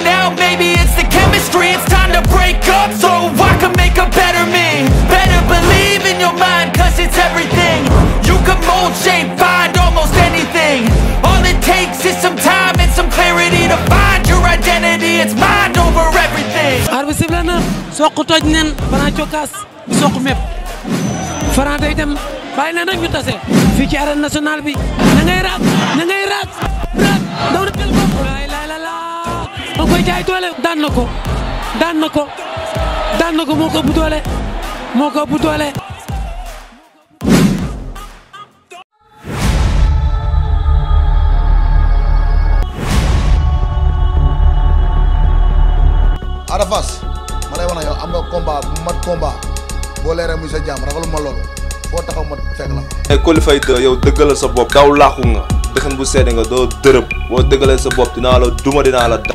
working Maybe it's the chemistry It's time to break up so I can make a better me Better believe in your mind cause it's everything You can mold, shape, find almost anything All takes is some time and some clarity To find your identity, it's mind over everything Arbi sibla na, soq toj nen, Franc cokaas, soq mep Franc day dem, bàyyi leen rek ñu tase fii ci arène nationale bi koy jaay doole daan ko daan na ko daan na ko moo ko ëpp doole moo ko ëpp ma lay wax na yow am nga combat bu mat combat boo leeree muy sa jàmm ragalu ma loolu foo taxaw ma fekk la fa Coly Faye yow dëggal sa bopp daw laaxu nga dëxan bu seede nga doo dërëm boo dëggalee sa bopp dinaa la duma dinaa la da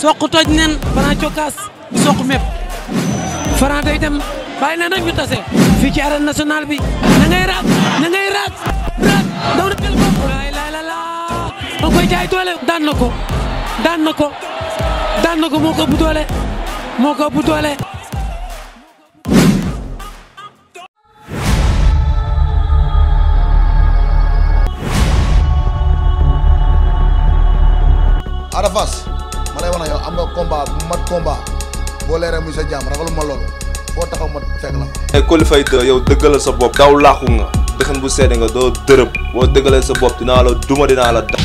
soq toj nen Franc cokaas soq mépp Franc day dem bàyyi leen rek tase fii ci arène nationale bi na ngay raat na daw na jël bopp la ilaha illallah koy jaay doole daan na ko daan na ko daan ko moo ko bu doole moo ko bu doole am nga combat bu mat combat boo leeree muy sa jàmm ragalu ma loolu foo taxaw ma fekk la. mais eh, Coly Faye yow dëggalal sa bopp. daw laaxu nga dëxan bu seede nga doo dërëb boo dëggalee sa bopp dinaa la duma dinaa la.